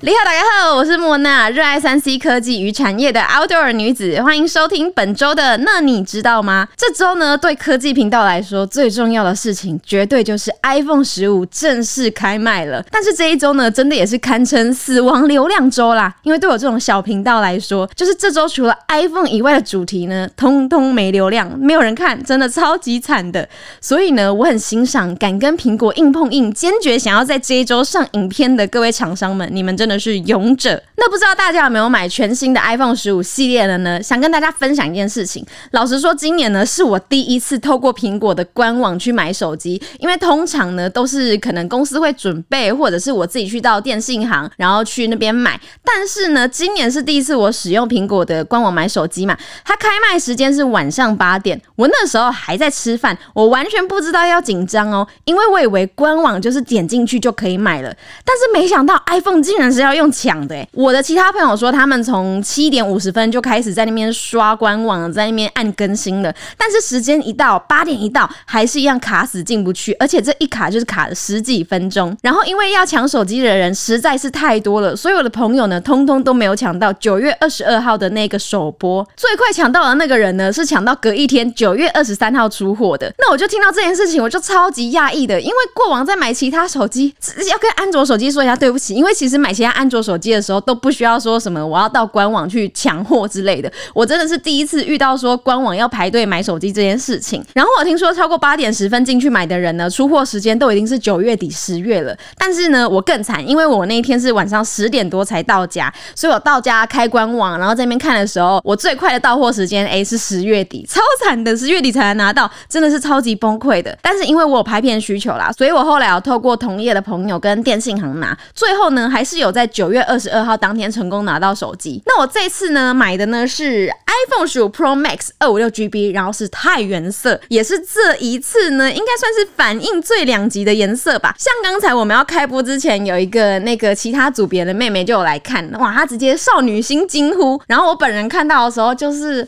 你好，大家好，我是莫娜，熱愛三 C 科技與產業的 outdoor 女子，歡迎收聽本周的那你知道嗎？這周呢，對科技頻道來說最重要的事情，絕對就是 iPhone 十五正式開賣了。但是這一周呢，真的也是堪稱死亡流量周啦！因為對我這種小頻道來說，就是這周除了 iPhone 以外的主題呢，通通沒流量，沒有人看，真的超級慘的。所以呢，我很欣賞敢跟蘋果硬碰硬，堅決想要在這一周上影片的各位廠商們，你們真。那是勇者。那不知道大家有沒有買全新的 iPhone 15系列的呢？想跟大家分享一件事情。老實說，今年呢是我第一次透過蘋果的官網去買手機，因為通常呢都是可能公司會準備，或者是我自己去到電信行，然後去那邊買。但是呢，今年是第一次我使用蘋果的官網買手機嘛，它開賣時間是晚上八點，我那時候還在吃飯，我完全不知道要緊張哦，因為我以為官網就是點進去就可以買了，但是沒想到 iPhone 竟然。是要用搶的欸。我的其他朋友說，他們從七點五十分就開始在那邊刷官網，在那邊按更新了。但是時間一到，八點一到，還是一樣卡死，進不去。而且這一卡就是卡了十幾分鐘。然後因為要搶手機的人實在是太多了，所以我的朋友呢，通通都沒有搶到九月二十二號的那個首播。最快搶到的那個人呢，是搶到隔一天，九月二十三號出貨的。那我就聽到這件事情，我就超級訝異的，因為過往在買其他手機，要跟安卓手機說一下對不起，因為其實買其他。安卓手機的時候都不需要說什麼，我要到官網去搶貨之類的。我真的是第一次遇到說官網要排隊買手機這件事情。然後我聽說超過八點十分進去買的人呢，出貨時間都已經是九月底十月了。但是呢，我更慘，因為我那一天是晚上十點多才到家，所以我到家開官網，然後在那邊看的時候，我最快的到貨時間誒是十月底，超慘的，十月底才能拿到，真的是超級崩潰的。但是因為我有拍片需求啦，所以我後來要透過同業的朋友跟電信行拿，最後呢還是有。在九月二十二號當天成功拿到手機。那我這次呢買的呢是 iPhone 十五 Pro Max 二五六 GB，然後是鈦原色，也是這一次呢應該算是反應最兩極的顏色吧。像剛才我們要開播之前，有一個那個其他組別的妹妹就有來看，哇，她直接少女心驚呼。然後我本人看到的時候就是。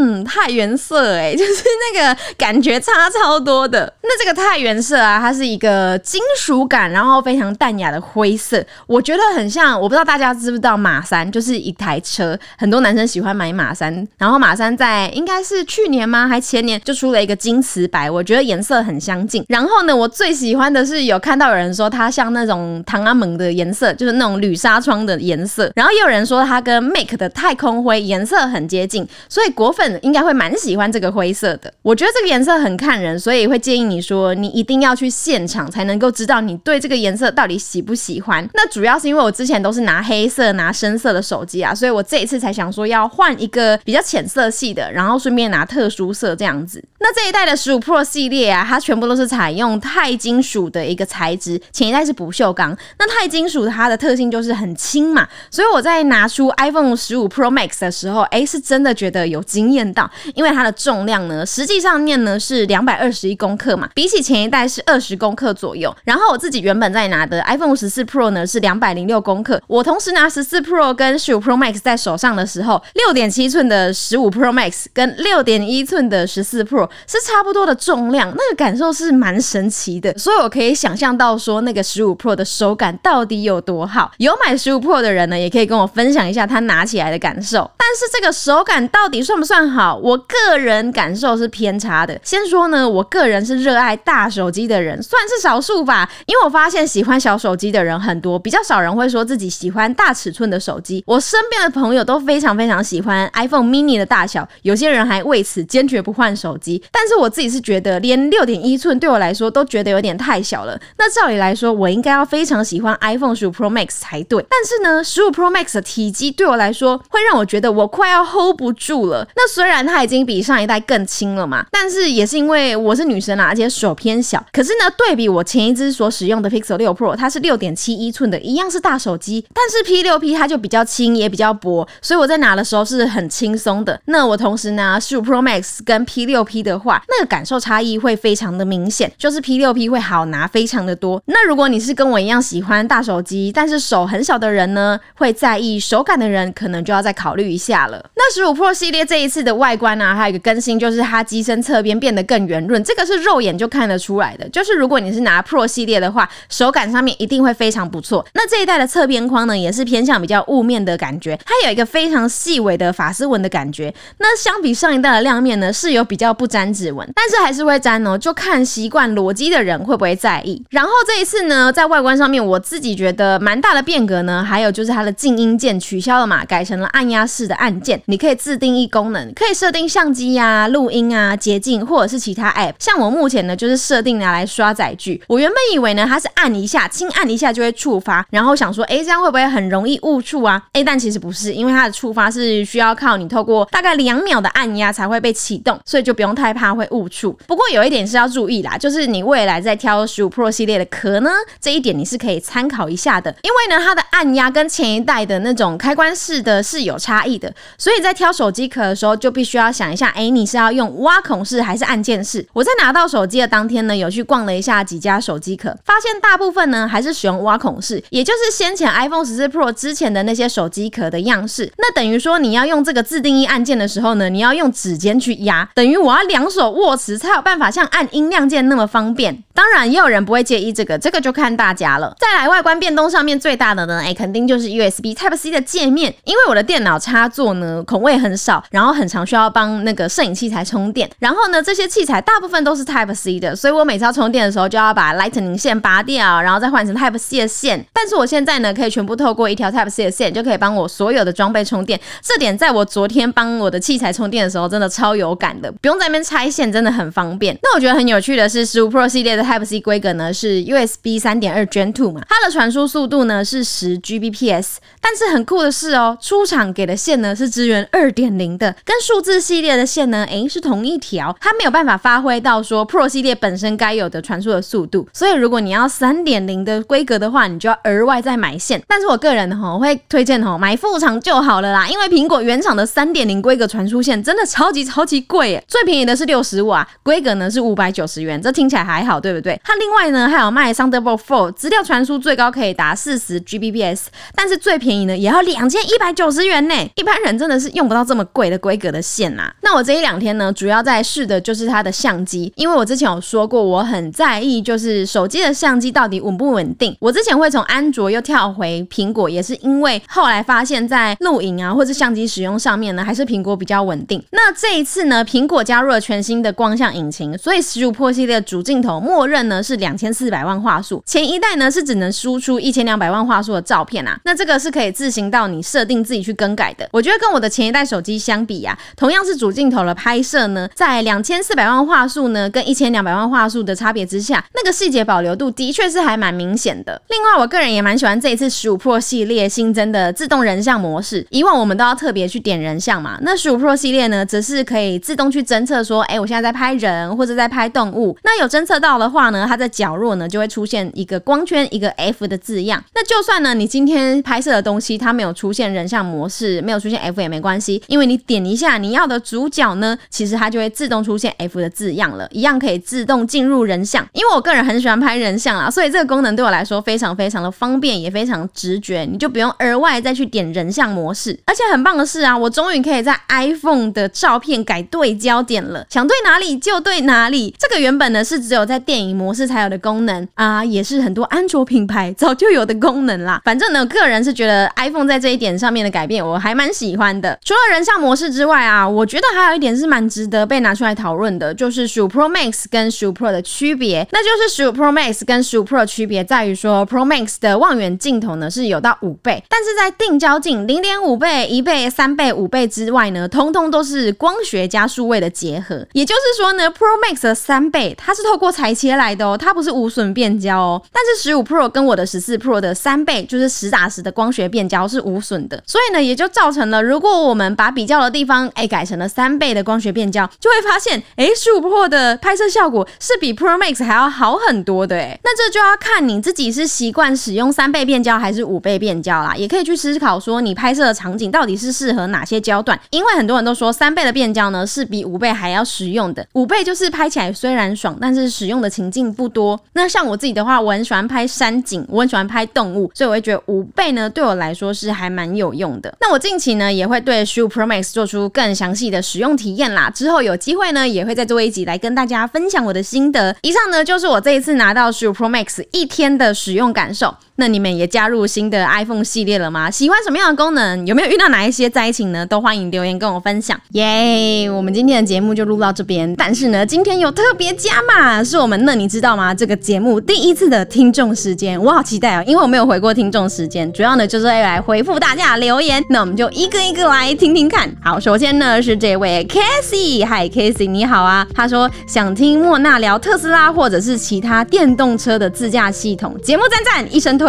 嗯，鈦原色哎、欸，就是那個感覺差超多的。那這個鈦原色啊，它是一個金屬感，然後非常淡雅的灰色，我覺得很像。我不知道大家知不知道馬三，就是一台車，很多男生喜歡買馬三。然後馬三在應該是去年嗎？還前年就出了一個金瓷白，我覺得顏色很相近。然後呢，我最喜歡的是有看到有人說它像那種唐阿蒙的顏色，就是那種鋁紗窗的顏色。然後又有人說它跟 Mac 的太空灰顏色很接近，所以國。應該會蠻喜歡這個灰色的，我覺得這個顏色很看人，所以會建議你說，你一定要去現場才能夠知道你對這個顏色到底喜不喜歡。那主要是因為我之前都是拿黑色、拿深色的手機啊，所以我這一次才想說要換一個比較淺色系的，然後順便拿特殊色這樣子。那這一代的十五 Pro 系列啊，它全部都是採用鈦金屬的一個材質，前一代是不鏽鋼。那鈦金屬它的特性就是很輕嘛，所以我在拿出 iPhone 十五 Pro Max 的時候，哎、欸，是真的覺得有驚艷到，因為它的重量呢，實際上面呢是兩百二十一公克嘛，比起前一代是二十公克左右。然後我自己原本在拿的 iPhone 十四 Pro 呢是兩百零六公克，我同時拿十四 Pro 跟十五 Pro Max 在手上的時候，六點七寸，的十五 Pro Max 跟六點一寸的十四 Pro 是差不多的重量，那個感受是蠻神奇的，所以我可以想象到說那個十五 Pro 的手感到底有多好。有買十五 Pro 的人呢，也可以跟我分享一下他拿起來的感受。但是這個手感到底算不算？算好，我個人感受是偏差的。先說呢，我個人是熱愛大手機的人，算是少數吧？因為我發現喜歡小手機的人很多，比較少人會說自己喜歡大尺寸的手機。我身邊的朋友都非常非常喜歡 iPhone mini 的大小，有些人還為此堅決不換手機。但是我自己是覺得，連六點一寸對我來說都覺得有點太小了。那照理來說，我應該要非常喜歡 iPhone 15 Pro Max 才對。但是呢，15 Pro Max 的體積對我來說，會讓我覺得我快要 hold 不住了。那雖然它已經比上一代更輕了嘛，但是也是因為我是女生啦，而且手偏小。可是呢，對比我前一支所使用的 Pixel 六 Pro，它是六點七一寸的，一樣是大手機，但是 P 六 P 它就比較輕，也比較薄，所以我在拿的時候是很輕鬆的。那我同時呢，十五 Pro Max 跟 P 六 P 的話，那個感受差異會非常的明顯，就是 P 六 P 會好拿非常的多。那如果你是跟我一樣喜歡大手機，但是手很小的人呢，會在意手感的人，可能就要再考慮一下了。那十五 Pro 系列這一。這次的外觀呢，啊，還有一個更新，就是它機身側邊變得更圓潤，這個是肉眼就看得出來的。就是如果你是拿 Pro 系列的話，手感上面一定會非常不錯。那這一代的側邊框呢，也是偏向比較霧面的感覺，它有一個非常細微的髮絲紋的感覺。那相比上一代的亮面呢，是有比較不沾指紋，但是還是會沾哦，就看習慣裸機的人會不會在意。然後這一次呢，在外觀上面，我自己覺得蠻大的變革呢，還有就是它的靜音鍵取消了嘛，改成了按壓式的按鍵，你可以自定義功能。可以設定相機呀、啊、錄音啊、捷徑或者是其他 App，像我目前呢就是設定拿來刷載具。我原本以為呢它是按一下，輕按一下就會觸發，然後想說，哎、欸，這樣會不會很容易誤觸啊？哎、欸，但其實不是，因為它的觸發是需要靠你透過大概兩秒的按壓才會被啟動，所以就不用太怕會誤觸。不過有一點是要注意啦，就是你未來在挑十五 Pro 系列的殼呢，這一點你是可以參考一下的，因為呢它的按壓跟前一代的那種開關式的是有差異的，所以在挑手機殼的時候。就必須要想一下，欸，你是要用挖孔式還是按鍵式？我在拿到手機的當天呢，有去逛了一下幾家手機殼，發現大部分呢還是使用挖孔式，也就是先前 iPhone 14 Pro 之前的那些手機殼的樣式。那等於說你要用這個自定義按鍵的時候呢，你要用指尖去壓，等於我要兩手握持才有辦法像按音量鍵那麼方便。當然，也有人不會介意這個，這個就看大家了。再來外觀變動上面最大的呢，欸，肯定就是 USB Type-C 的界面，因為我的電腦插座呢孔位很少，然後。很常需要幫那個攝影器材充電，然後呢，這些器材大部分都是 Type C 的，所以我每次要充電的時候就要把 Lightning 線拔掉，然後再換成 Type C 的線。但是我現在呢，可以全部透過一條 Type C 的線就可以幫我所有的裝備充電，這點在我昨天幫我的器材充電的時候真的超有感的，不用在那邊拆線，真的很方便。那我覺得很有趣的是，十五 Pro 系列的 Type C 規格呢是 USB 三點二 Gen two 嘛，它的傳輸速度呢是十 Gbps，但是很酷的是哦，出廠給的線呢是支援二點零的。跟數字系列的線呢，誒、欸，是同一條，它沒有辦法發揮到說 Pro 系列本身該有的傳輸的速度。所以如果你要三點零的規格的話，你就要額外再買線。但是我個人哈，我會推薦哈，買副廠就好了啦，因為蘋果原廠的三點零規格傳輸線真的超級超級貴耶，最便宜的是六十瓦，規格呢是五百九十元，這聽起來還好，對不對？它另外呢還有賣 Thunderbolt 4資料傳輸，最高可以達四十 Gbps，但是最便宜呢，也要兩千一百九十元呢，一般人真的是用不到這麼貴的規格。規格的線吶啊，那我這一兩天呢，主要在試的就是它的相機，因為我之前有說過，我很在意就是手機的相機到底穩不穩定。我之前會從安卓又跳回蘋果，也是因為後來發現，在錄影啊或者相機使用上面呢，還是蘋果比較穩定。那這一次呢，蘋果加入了全新的光像引擎，所以十五 Pro 系列的主鏡頭默認呢是兩千四百萬畫素，前一代呢是只能輸出一千兩百萬畫素的照片啊，那這個是可以自行到你設定自己去更改的。我覺得跟我的前一代手機相比。啊，同樣是主鏡頭的拍攝呢，在兩千四百萬畫素呢跟一千兩百萬畫素的差別之下，那個細節保留度的確是還蠻明顯的。另外，我個人也蠻喜歡這一次十五 Pro 系列新增的自動人像模式。以往我們都要特別去點人像嘛，那十五 Pro 系列呢，則是可以自動去偵測說，哎、欸，我現在在拍人或者在拍動物。那有偵測到的話呢，它在角落呢就會出現一個光圈一個 F 的字樣。那就算呢你今天拍攝的東西它沒有出現人像模式，沒有出現 F 也沒關係，因為你點。一下你要的主角呢，其實它就會自動出現 F 的字樣了，一樣可以自動進入人像。因為我個人很喜歡拍人像啊，所以這個功能對我來說非常非常的方便，也非常直覺，你就不用額外再去點人像模式。而且很棒的是啊，我終於可以在 iPhone 的照片改對焦點了，想對哪裡就對哪裡。這個原本呢是只有在電影模式才有的功能啊，也是很多安卓品牌早就有的功能啦。反正呢，我個人是覺得 iPhone 在這一點上面的改變我還蠻喜歡的。除了人像模式之之外啊，我覺得還有一點是蠻值得被拿出來討論的，就是十五 Pro Max 跟十五 Pro 的區別。那就是十五 Pro Max 跟十五 Pro 的區別在於說，Pro Max 的望遠鏡頭呢是有到五倍，但是在定焦鏡零點五倍、一倍、三倍、五倍之外呢，通通都是光學加數位的結合。也就是說呢，Pro Max 的三倍它是透過裁切來的哦，它不是無損變焦哦。但是十五 Pro 跟我的十四 Pro 的三倍就是實打實的光學變焦，是無損的。所以呢，也就造成了如果我們把比較的地方方哎，改成了三倍的光學變焦，就會發現哎，十五 Pro 的拍攝效果是比 Pro Max 還要好很多的哎。那這就要看你自己是習慣使用三倍變焦還是五倍變焦啦，也可以去思考說你拍攝的場景到底是適合哪些焦段。因為很多人都說三倍的變焦呢是比五倍還要實用的，五倍就是拍起來雖然爽，但是使用的情境不多。那像我自己的話，我很喜歡拍山景，我很喜歡拍動物，所以我會覺得五倍呢對我來說是還蠻有用的。那我近期呢也會對十五 Pro Max 做出。更詳細的使用體驗啦，之後有機會呢，也會再做一集來跟大家分享我的心得。以上呢，就是我這一次拿到15 Pro Max 一天的使用感受。那你們也加入新的 iPhone 系列了嗎？喜歡什麼樣的功能？有沒有遇到哪一些災情呢？都歡迎留言跟我分享耶！Yeah, 我們今天的節目就錄到這邊，但是呢，今天有特別加碼，是我們那你知道嗎？這個節目第一次的聽眾時間，我好期待啊、喔！因為我沒有回過聽眾時間，主要呢就是要來回復大家留言。那我們就一個一個來聽聽看。好，首先呢是這位 Casey，嗨，Casey，你好啊！他說想聽莫娜聊特斯拉或者是其他電動車的自駕系統。節目讚讚，一聲推。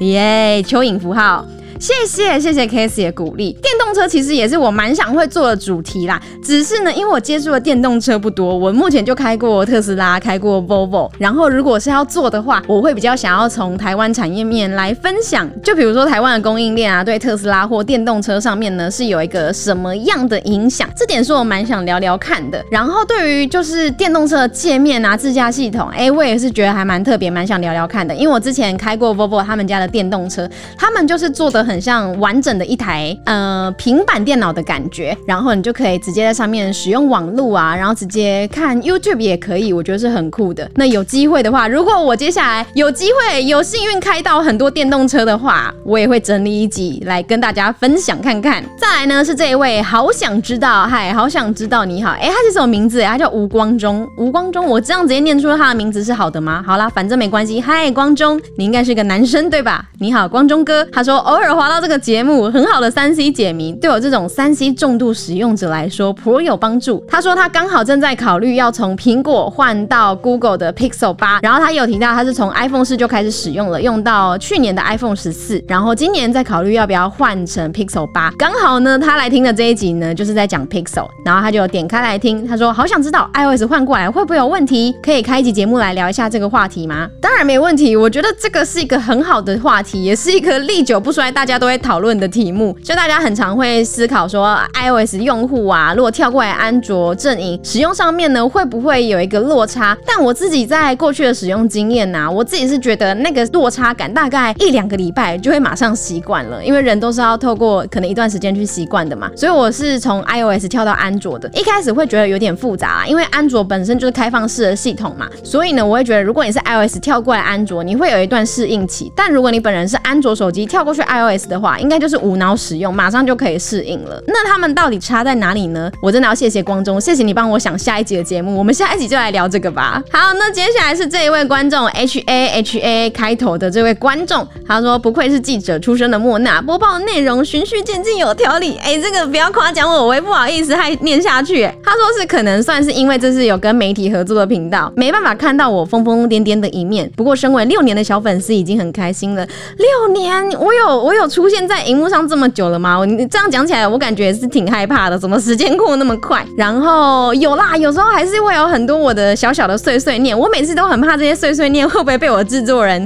耶！Yeah, 蚯蚓符號。謝謝謝謝 KS 也的鼓勵，電動車其實也是我蠻想會做的主題啦。只是呢，因為我接觸的電動車不多，我目前就開過特斯拉，開過 Volvo，然後如果是要做的話，我會比較想要從台灣產業面來分享，就比如說台灣的供應鏈啊，對特斯拉或電動車上面呢是有一個什麼樣的影響，這點是我蠻想聊聊看的。然後對於就是電動車界面啊，自駕系統，誒，我也是覺得還蠻特別，蠻想聊聊看的。因為我之前開過 Volvo 他們家的電動車，他們就是做的很。很像完整的一台呃平板電腦的感覺，然後你就可以直接在上面使用網絡啊，然後直接看 YouTube 也可以，我覺得是很酷的。那有機會的話，如果我接下來有機會有幸運開到很多電動車的話，我也會整理一集來跟大家分享看看。再來呢，是這一位，好想知道，嗨，好想知道你好，哎、欸，他是什麼名字呀？他叫吳光中，吳光中，我這樣直接念出了他的名字是好的嗎？好啦，反正沒關係，嗨，光中，你應該是個男生對吧？你好，光中哥，他說偶爾。滑到這個節目，很好的三 C 解謎，對我這種三 C 重度使用者來說，頗有幫助。他說他剛好正在考慮要從蘋果換到 Google 的 Pixel 八，然後他有提到他是從 iPhone 四就開始使用了，用到去年的 iPhone 十四，然後今年在考慮要不要換成 Pixel 八。剛好呢，他來聽的這一集呢，就是在講 Pixel，然後他就點開來聽。他說好想知道 iOS 換過來會不會有問題，可以開一集節目來聊一下這個話題嗎？當然沒問題，我覺得這個是一個很好的話題，也是一個歷久不衰大，大家都會討論的題目，就大家很常會思考說，iOS 用戶啊，如果跳過來安卓陣營使用上面呢，會不會有一個落差？但我自己在過去的使用經驗啊，我自己是覺得那個落差感大概一兩個禮拜就會馬上習慣了，因為人都是要透過可能一段時間去習慣的嘛。所以我是從 iOS 跳到安卓的，一開始會覺得有點複雜啦，因為安卓本身就是開放式的系統嘛，所以呢，我會覺得如果你是 iOS 跳過來安卓，你會有一段適應期。但如果你本人是安卓手機跳過去 iOS。的話，應該就是無腦使用，馬上就可以適應了。那他們到底差在哪裡呢？我真的要謝謝光中，謝謝你幫我想下一集的節目。我們下一集就來聊這個吧。好，那接下來是這一位觀眾，H A H A 開頭的這位觀眾，他說：“不愧是記者出身的莫娜，播報內容循序漸進，有條理。欸”哎，這個不要誇獎我，我也不好意思還念下去、欸。他說是可能算是因為這是有跟媒體合作的頻道，沒辦法看到我瘋瘋癲癲的一面。不過，身為六年的小粉絲已經很開心了。六年，我有，我有。出現在熒幕上這麼久了嗎？我你這樣講起來，我感覺是挺害怕的。怎麼時間過那麼快？然後有啦，有時候還是會有很多我的小小的碎碎念。我每次都很怕這些碎碎念會不會被我制作人，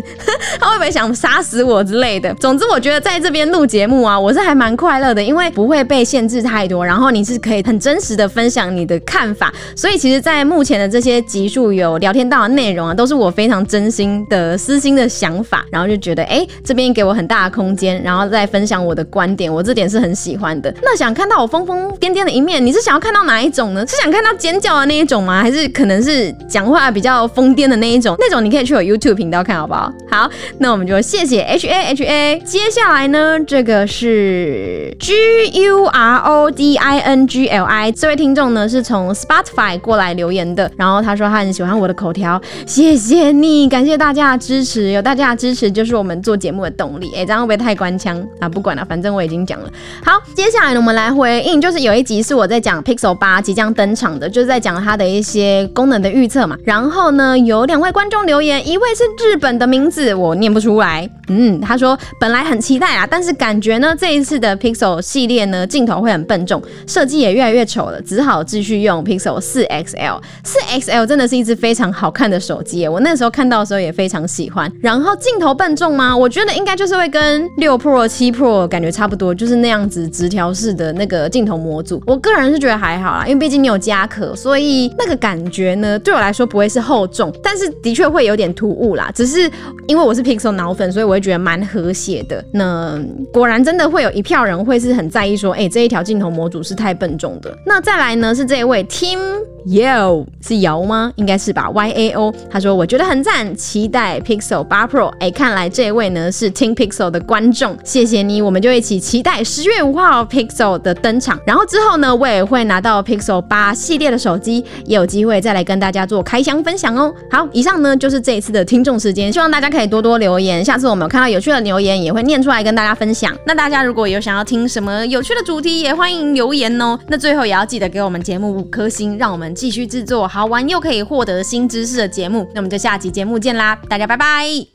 他 會不會想殺死我之類的。總之，我覺得在這邊錄節目啊，我是還蠻快樂的，因為不會被限制太多。然後你是可以很真實的分享你的看法。所以，其實，在目前的這些集數有聊天到的內容啊，都是我非常真心的私心的想法。然後就覺得，哎、欸，這邊給我很大的空間。然然後再分享我的觀點，我這點是很喜歡的。那想看到我瘋瘋癲癲的一面，你是想要看到哪一種呢？是想看到尖叫的那一種嗎？還是可能是講話比較瘋癲的那一種？那種你可以去我 YouTube 頻道看好不好？好，那我們就謝謝 H A H A。接下來呢，這個是 G U R O D I N G L I 這位聽眾呢是從 Spotify 過來留言的，然後他說他很喜歡我的口條，謝謝你，感謝大家的支持，有大家的支持就是我們做節目的動力。哎，這樣會不會太關？槍啊，不管了，啊，反正我已經講了。好，接下來呢，我們來回應，就是有一集是我在講 Pixel 八即將登場的，就是在講它的一些功能的預測嘛。然後呢，有兩位觀眾留言，一位是日本的名字，我念不出來。嗯，他說本來很期待啊，但是感覺呢，這一次的 Pixel 系列呢，鏡頭會很笨重，設計也越來越醜了，只好繼續用 Pixel 四 XL。四 XL 真的是一支非常好看的手機，我那時候看到的時候也非常喜歡。然後鏡頭笨重嗎？我覺得應該就是會跟六。Pro 七 Pro 感覺差不多，就是那樣子直條式的那個鏡頭模組。我個人是覺得還好啦，因為畢竟你有加殼，所以那個感覺呢，對我來說不會是厚重，但是的確會有點突兀啦。只是因為我是 Pixel 腦粉，所以我會覺得蠻和諧的。那果然真的會有一票人會是很在意說，哎、欸，這一條鏡頭模組是太笨重的。那再來呢是這一位 Tim Yao，是 Yao 嗎？應該是吧。Y A O，他說我覺得很讚，期待 Pixel 八 Pro。哎、欸，看來這一位呢是 Team Pixel 的觀眾。謝謝你，我們就一起期待十月五號 Pixel 的登場。然後之後呢，我也會拿到 Pixel 八系列的手機，也有機會再來跟大家做開箱分享哦。好，以上呢就是這一次的聽眾時間，希望大家可以多多留言。下次我們有看到有趣的留言，也會念出來跟大家分享。那大家如果有想要聽什麼有趣的主題，也歡迎留言哦。那最後也要記得給我們節目五顆星，讓我們繼續制作好玩又可以獲得新知識的節目。那我們就下期節目見啦，大家拜拜。